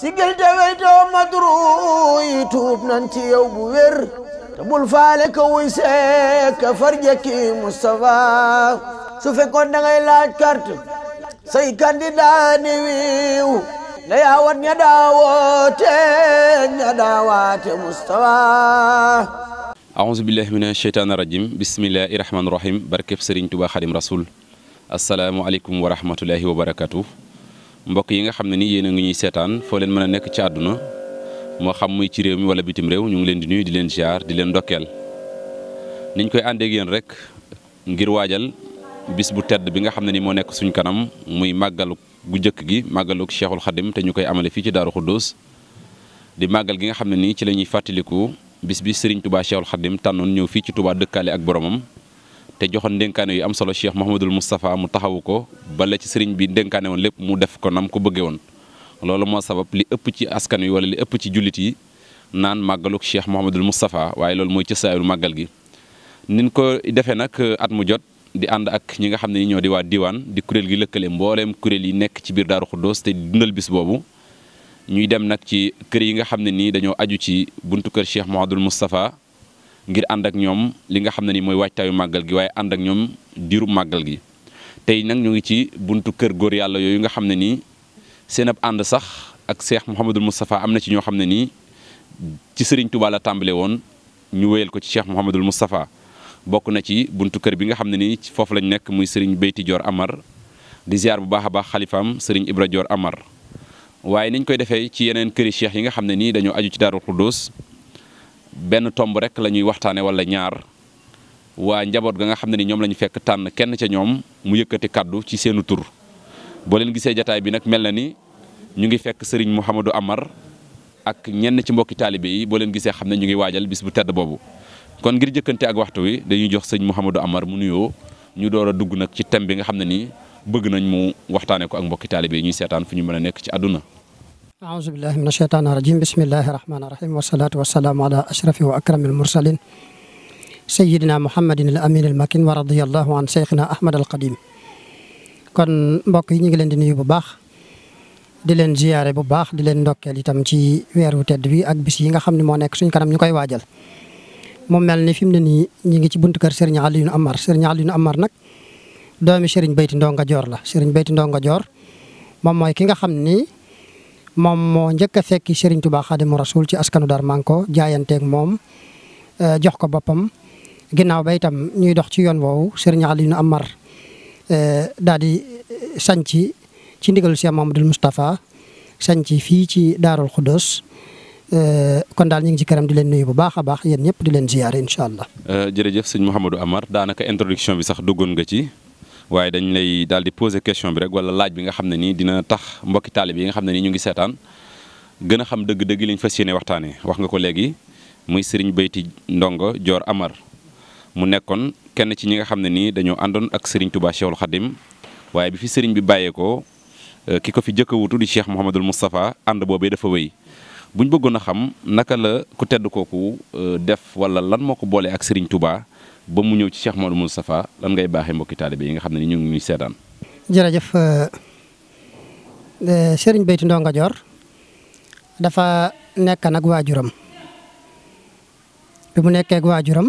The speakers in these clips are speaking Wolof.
sigil te weytoo madru yi tuub nan ci bu wér te bul faale ka wuy seek ka farjekki Moustapha su fekkoon da ngay laaj carte say candidat ni wiiw na yaawat ña daawoote ña daawaate Moustapha ahousubillahi min asheytaani rajim bismillahi rahmaani rahim barkeb Sëriñ Tuubaa Xadim Rasul asalaamualeykum wa rahmatullahi wa barakatuh mbokk yi nga xam ne ni yéen a ngi ñuy seetaan foo leen mën a nekk ci àdduna moo xam muy ci réew mi wala bitim réew ñu ngi leen di nuyu di leen ziar di leen ndokkeel niñ koy àndee yéen rek ngir waajal bis bu tedd bi nga xam ne ni moo nekk suñu kanam muy màggalu gu njëkk gi màggalu Cheikhul Khadim te ñu koy amale fii ci Daaru Xuddoos di màggal gi nga xam ne nii ci la ñuy fàttaliku bis bi Serigne Touba Cheikhul Khadim tànnoon ñëw fii ci Touba dëkkaale ak boromam te joxoon ndénkaane yu am solo Cheikh Mouhamadul Moustapha mu taxawu ko bale ci sëriñ bi ndénkaane woon lépp mu def ko nam ko bëggee woon loolu moo sabab li ëpp ci askan wi wala li ëpp ci jullit yi naan màggaluk Cheikh Mouhamadul Moustapha waaye loolu mooy cësaayul màggal gi. nin ko defee nag at mu jot di ànd ak ñi nga xam ne ñoo di waa diwaan di kuréel gi lëkkale mbooleem kuréel yi nekk ci biir Daaru Xuddoos te dundal bis boobu ñuy dem nag ci kër yi nga xam ne nii dañoo aju ci buntu kër Cheikh Mouhamadul Moustapha ngir ànd ak ñoom li nga xam ne ni mooy waajtaayu màggal gi waaye ànd ak ñoom diiru màggal gi tey nag ñu ngi ci buntu kër góor yàlla yooyu nga xam ne nii seen ab ànd sax ak Cheikh Mouhamadul Moustapha am na ci ñoo xam ne nii ci sëriñ Touba la tàmbale woon ñu wéyal ko ci Cheikh Mouhamadul Moustapha bokk na ci buntu kër bi nga xam ne nii foofu lañ nekk muy Serigne Beyti joor Amar di ziar bu baax a baax xalifaam Serigne Ibra Dior Amar waaye niñ koy defee ci yeneen këri cheikh yi nga xam ne nii dañoo aju ci Daaru Xuddoos benn tomb rek la ñuy waxtaane wala ñaar waa njaboot ga nga xam ne ni ñoom la ñu fekk tànn kenn ca ñoom mu yëkkati kàddu ci seenu tur boo leen gisee jataay bi nag mel na ni ñu ngi fekk sëriñ Mouhamadou Amar ak ñenn ci mbokki taalibe yi boo leen gisee xam ne ñu ngi waajal bis bu tedd boobu kon ngir jëkkante ak waxtu wi dañuy jox sëñ Mouhamadou Amar mu nuyoo ñu door a dugg nag ci thème bi nga xam ne ni bëgg nañ mu waxtaanee ko ak mbokki taalibe yi ñuy seetaan fu ñu mën a nekk ci àdduna أعوذ بالله من الشيطان الرجيم بسم الله الرحمن الرحيم والصلاة والسلام على أشرف وأكرم المرسلين سيدنا محمد الأمين المكين ورضي الله عن شيخنا أحمد القديم kon mbokk yi ñu ngi leen di nuyu bu baax di leen ziyaare bu baax di leen ndokkeel itam ci weeru tedd bi ak bis yi nga xam ne moo nekk suñ kanam ñu koy waajal mu mel ni fi mu ne nii ñu ngi ci buntu kër Serigne Alioune Amar Serigne Alioune Amar nag doomi Serigne Bayti Ndonga Dior la Serigne Bayti Ndonga Dior moom mooy ki nga xam ni mom mo ñëk fekk fekki Serigne Touba Xaadimu Rasuul ci askanu dar Manko mom euh jox ko bopam ginnaw ba itam ñuy dox ci yoon woowu Serigne ibn Amar euh dadi euh, sanci ci ndigal Cheikh Mamadou Moustapha sanci fi ci khudus euh kon dal ñing ci kërëm di leen nuyu bu baaxa baax yeen ñëpp di leen ziaré inshallah euh jërëjëf Amar daanaka introduction bi sax duggoon nga ci. waaye dañ lay daal di poser question bi rek wala laaj bi nga xam ne nii dina tax mbokki taalibe yi nga xam ne nii ñu ngi seetaan gën a xam dëgg-dëgg liñ fas yéene waxtaanee wax nga ko léegi muy Serigne bayti Ndongo joor Amar mu nekkoon kenn ci ñi nga xam ne nii dañoo àndoon ak Serigne Touba Cheikhul Khadim waaye bi fi Serigne bi bàyyeekoo euh, ki ko fi jëkk a wutu di Cheikh Mouhamadul Moustapha ànd boobee dafa wéy bu ñu bëggoon a xam naka la ku tedd kooku euh, def wala lan moo ko boole ak Serigne ba mu ñew ci Cheikh Modou Moustapha lan ngay baxé mbokki taalibe yi nga xamné ñu ngi ñuy seetaan. euh Serigne Beyti Ndonga jor dafa nekk nak wajuram bi mu nekkee ak wajuram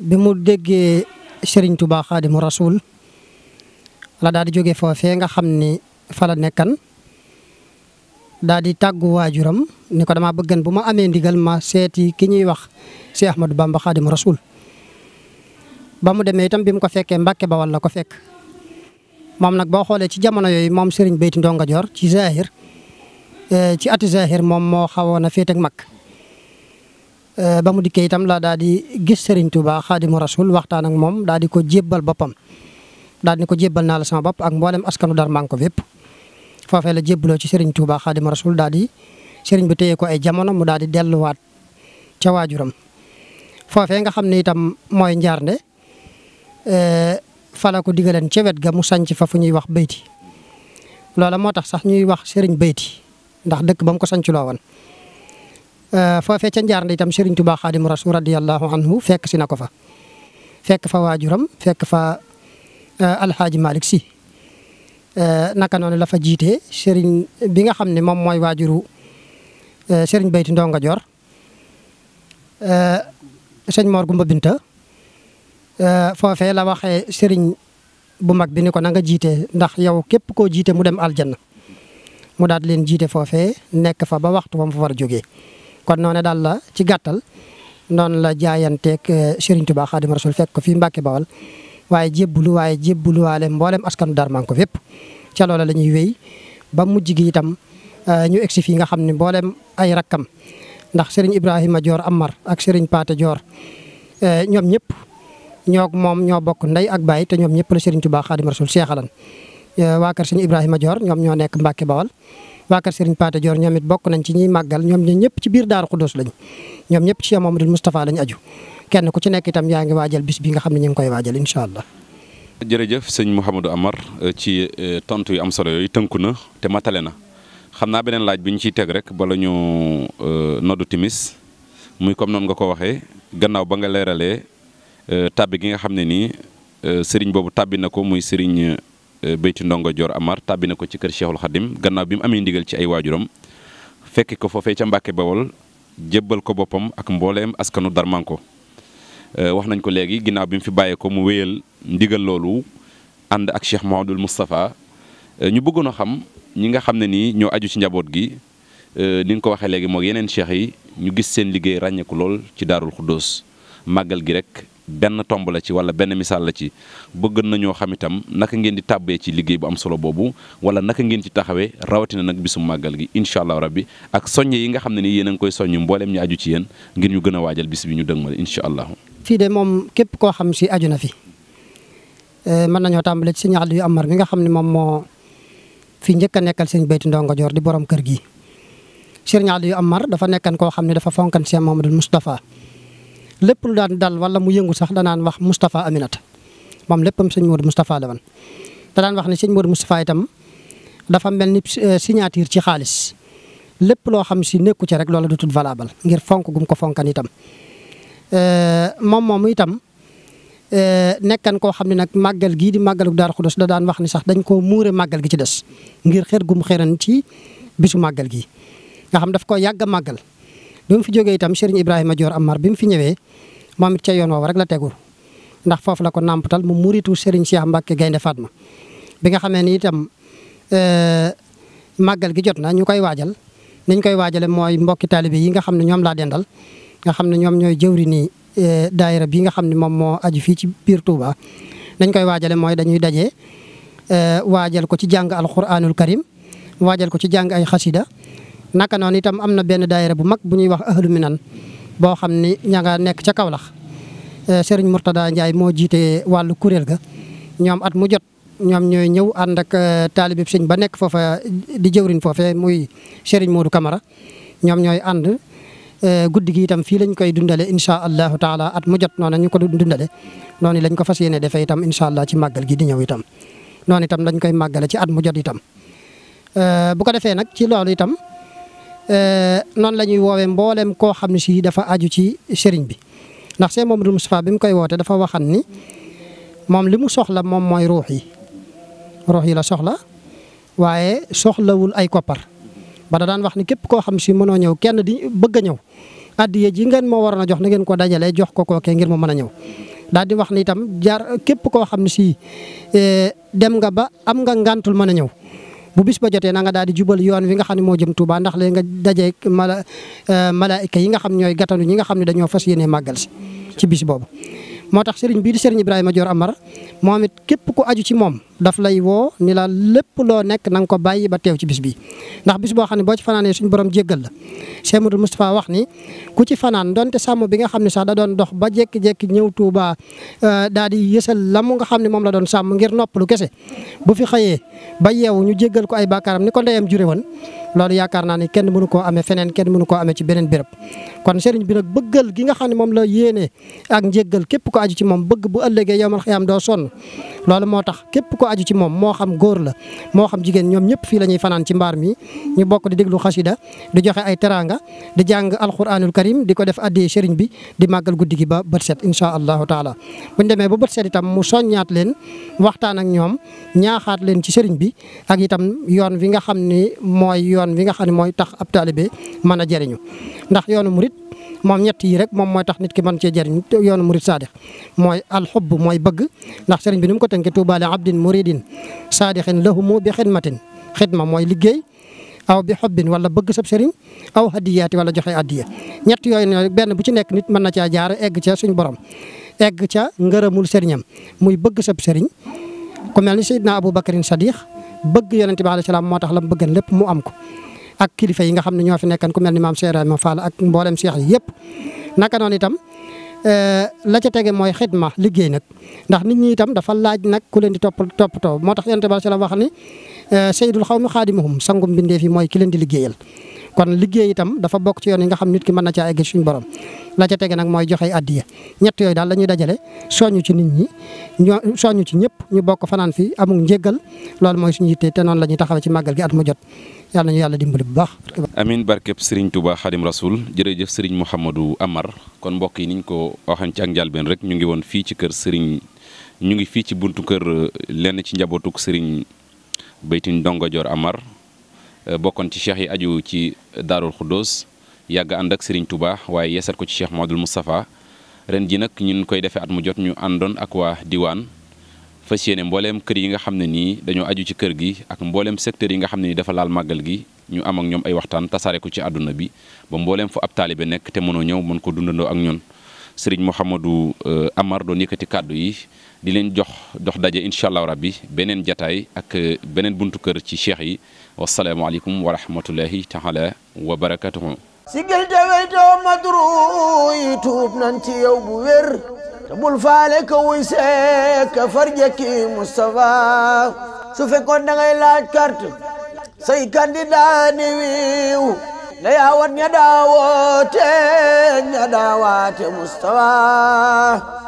bi mu déggé Serigne Touba khadim rasoul la daal di joggé fofé nga xam ni fa la nekkan daal di tàggu ni ko dama bëggan buma amé ndigal ma séti ki ñuy wax cheikh Ahmadou Bamba khadim rasoul ba mu demee itam bimu ko féké mbacké Bawal wala ko fék mom nak bo xolé ci jamono yoy mom Serigne Beyti Ndonga Dior ci Zahir e, ci ati Zahir mom mo xawona ak e, ba mu diké itam la daldi gis Serigne Touba khadim rasoul waxtaan ak mom daldi ko jebal bopam daldi ko jebal na la sama bop ak mboolem askanu ko bépp fofé la djéblo ci Serigne Touba khadim rasoul dadi di Serigne bi ko ay jamono mu dadi di wat ci wajuram fofé nga xamné itam moy njaarnde euh fala ko digaleen ci wet ga mu sanc fa fu ñuy wax beyti lola motax sax ñuy wax Serigne beyti ndax dëkk bam mu ko sanc loo euh fofé ci njaarnde itam Serigne Touba khadim rasoul radiyallahu anhu fekk ci nako fa fekk fa wajuram fekk fa e, malik si Eh, naka noonu la fa jiite sëriñ bi nga xam ne moom mooy waajuru eh, sëriñ Bayti Ndonga Dior eh, sëñ Mor Gumba Binta foofee la waxee sëriñ bu mag bi ni ko na nga jiite ndax yow képp koo jiite mu dem aljana mu daal di leen jiite foofee nekk fa ba waxtu ba fa war a jógee kon noonu daal la ci gàttal noonu la jaayanteeg sëriñ Tuubaa Xaadimu Rasuul fekk ko fii Mbàkke Bawal waaye jébbulu waaye walé mbolém askan dar Manko ko fep ci la lañuy wéy ba mujj gi itam euh, ñu exi fi nga xamni mbolém ay rakam ndax Serigne Ibrahima Dior Amar ak Serigne Paate Dior euh, ñom ñep ñok mom ño bok nday ak baay té ñom ñep la Serigne Touba khadim rasoul cheikhalan euh, wa kër Serigne Ibrahima Dior ñom ño nek mbacké Bawal wa kër Serigne Paate Dior ñamit bok nañ ci ñi magal ñom ñepp ci bir Daaru Xuddoos lañ ñom ñepp ci Amadou lañ aju kenn ku ci nekk itam yaa ngi waajal bis bi nga xam ne ñu ngi koy waajal incha allah. jërëjëf sëñ Mouhamadou Amar euh, ci euh, tontu yu am solo yooyu tënku na te matale na xam naa beneen laaj bi ñu ciy teg rek bala ñu euh, noddu timis muy comme noonu nga ko waxee gannaaw ba nga leeralee tabbi gi nga xam ne nii sëriñ boobu tabbi na ko muy sëriñ Beyti Ndongo Dior Amar tabbi na ko ci kër Cheikhul Khadim gannaaw bi mu amee ndigal ci ay waajuram fekki ko foofee ca Mbàkke Bawol jébbal ko boppam ak mbooleem askanu Darmanko. Euh, wax nañ ko léegi ginnaaw bi mu fi bàyyee ko mu wéyal ndigal loolu ànd ak Cheikh Mouhamadoul Moustapha euh, ñu bëggoon a xam ñi nga xam ne nii ñoo aju ci njaboot gi euh, ni nga ko waxee léegi moog yeneen cheikh yi ñu gis seen liggéey ràññeeku lool ci daarul xuddoos màggal gi rek benn tomb la ci wala benn misaal la ci bëgg na ñoo xam itam naka ngeen di tàbbee ci liggéey bu am solo boobu wala naka ngeen ci taxawee rawatina nag bisum màggal gi incha allah rabbi ak yi nga xam ne nii a ngi koy soññ mbooleem ñu aju ci ñu gën a waajal bi ñu dëgmal incha allah. fi de mom kep ko xam si aduna fi fi eh, man nañu tambali ci sëñ Aliou Amar mi nga xamni mom mo fi njëkk nekkal sëñ Bayti Ndongo jor di borom kër gi. sëñ Aliou Amar dafa nekkan ko xamni dafa fonkan sëñ Mamadou Moustapha lepp lu daan dal wala mu yëngu sax naan wax Mustafa Aminata mom leppam sëñ Modou Mustafa la da daan wax ni sëñ Modou Moustapha itam dafa melni eh, signature ci xaaliss lepp lo xam si nekku ci rek loola du valable ngir fonk gum ko fonkan itam. Eh, moom moomu itam eh, nekkan ko xam ne nag di màggalu Daaru Xudoos da daan wax ni sax dañ koo muure màggal gi ci des ngir xër gum xëran ci bisu màggal gi nga xam daf ko yàgg a màggal bi mu fi jógee itam Serigne Ibrahima Dior Amar bi mu fi ñëwee moom it ca yoon woowu rek la tegu ndax foofu la ko nàmpatal mu muritu Serigne Cheikh Mbacke Gaynde Fatma bi nga ni itam eh, gi jotna na ñu niñ koy waajale mooy mbokki taalibe yi nga xam ne dendal nga xamne ñom ñoy ñooy jëwri ni e, daayira bi nga xamne mom mo moo aju fii ci bir Touba dañ koy wajale moy dañuy daje e, wajal ko ci jang alquranul karim wajal ko ci jang ay khasida naka non itam am na benn daayira bu mag bu ñuy wax ahlul minan bo xam ni ña nga nekk ca Kaolack e, Serigne murtada ndjay mo jité walu kurel ga ñom at mu jot ñom ñoy ñew and ak talibib serigne ba nek fofa di jëwrin fofé muy Serigne Modou Camara ñom ñoy and Eh, guddigi itam fi lañ koy dundale insha allah taala at mu jot non ñu ko dundale noni lañ ko fasiyene defé itam insha allah ci magal gi di ñew itam noonu itam lañ koy magal ci at mu jot itam. Eh, bu ko defé nak ci loolu itam euh la lañuy wowe mboolem ko xamni ci dafa aju ci serigne bi ndax Sëriñ Mamadou Moustapha bi koy wote dafa waxan ni mom limu soxla mom moy ruhi ruhi la soxla waye soxlawul ay copar bana daan wax ni kep ko xam ci mënoo ñew kenn di bëgg ñew ñëw ji ngeen mo waroon jox na ngeen ko dajalee jox ko ke ngir mo mën ñew daal di wax ni tam jaar kep ko xam ci euh dem nga ba am nga ngantul mën ñew bu bis ba jotee na nga daal di jubal yoon wi nga xam ni mo jëm Touba ndax léegi nga dajé mala eh, malaika yi nga xam ñoy gatanu ñi nga xam ni dañoo fas yene magal si ci bis bobu motax serigne bi di serigne Ibrahima jor Amar momit kep ko aju ci mom daf lay wo ni la lepp lo nek na ko bayyi ba tew ci bis bi ndax bis bo xamni bo ci fanane suñu borom jéggal la Cheikh Modou mustapha wax ni ku ci fanane donte sàmm bi nga xamni sax da doon dox ba jékki-jékki ñew Touba euh, daal di yeesal lam nga xamni mom la doon sam ngir noppalu kese bu fi xëyee ba yew ñu jéggal ko ay bakaram ni ko ndeyam juré won lolu yaakar na ni kenn mënu ko amé fenen kenn mënu ko amé ci benen kon serigne bi nak bëggal gi nga xamni mom la yéene ak jéggal képp ko aju ci mom bëgg bu ëllëgé yowal xiyam do son Lalu motax kep ko aju ci mom mo xam gor la mo xam jigen ñom ñep fi lañuy fanan ci mbar mi ñu bokk di deglu xasida di joxe ay teranga di jang alquranul karim di ko def addi serigne bi di magal guddigi gi ba Allah set incha allahu taala buñ deme ba bët set itam mu soñat len waxtaan ak ñom ñaaxat len ci serigne bi ak itam yoon wi nga xam ne mooy yoon wi nga xam ne mooy tax ab talibé mana jariñu ndax yoonu murid mom ñett yi rek mom moy tax nit ki man ci jariñu yoonu sadiq moy al hubb moy bëgg ndax serigne bi num ko tuubatan ki tuubaale abdin muridin saadixin lahumu bi xidmatin xidma mooy liggéey aw bi xobbin wala bëgg sab sëriñ aw hadiyaati wala joxe addiya ñett yooyu ne benn bu ci nekk nit mën na caa jaar egg ca suñ borom egg ca ngërëmul sëriñam muy bëgg sab sëriñ ku mel ni Seydina Abu Bakarin Sadiq bëgg yonent bi alayhi salaam moo tax la mu bëggan lépp mu am ko ak kilifa yi nga xam ne ñoo fi nekkan ku mel ni maam Cheikh Ibrahima Fall ak mboolem seex yi yëpp naka Eh, la ca tege mooy xidma liggéey nag ndax nit ñi itam dafa laaj nag ku leen di topp toppatoo moo tax yonent bi sala wax ni eh, sayyidul xawmi xaadimuhum sangum mbindeef yi mooy ki leen di liggéeyal kon liggéey itam dafa bokk ci yoon yi nga xam nit ki mën na caa egg suñu borom la ca tege nak moy joxe adiya ñet yoy dal lañuy dajale soñu ci nit ñi soñu ci ñëpp ñu bokk fanan fi amu njéggal lool moy suñu yitte té non la taxaw ci magal gi at mu jot yalla ñu yalla dimbali bu baax. amin barkep Serigne Touba Khadim Rasoul jeuf Serigne mohammedou Amar kon mbokk yi niñ ko waxan ci ak njàlbeen rek ñu ngi won fi ci kër Serigne ñu ngi fi ci buntu kër eh, lenn ci Serigne Dongo jor Amar eh, bokon ci cheikh yi aju ci darul yag andak ak Serigne Touba waye yeesal ko ci Cheikh Modou Moustapha ren ji nak ñun koy defé at mu jot ñu àndoon ak wa diwan fassiyene mbollem mbooleem kër yi nga xam ni dañu aju ci kër gi ak mbollem secteur yi nga ni dafa laal magal gi ñu am ak ñom ay waxtaan tasaare ko ci aduna bi ba mbollem fu ab talibé nek té mëno ñew mën ko dundando ak ñun Serigne euh, Amar doni nekati kaddu yi di len jox dox daje inshallah rabbi benen jotaay ak euh, benen buntu kër ci cheikh yi alaykum wa rahmatullahi taala wa barakatuh sigil te weytoo madru yi tuub nan ci yow bu wér te bul faale ka wuy seek ka farjëkki Moustapha su fekkoon da ngay laaj carte say candidat wiiw na yaawat ña daawoote ña daawaate Moustapha